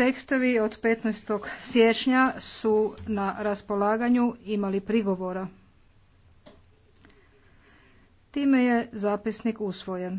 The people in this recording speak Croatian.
Tekstovi od 15. siječnja su na raspolaganju imali prigovora. Time je zapisnik usvojen.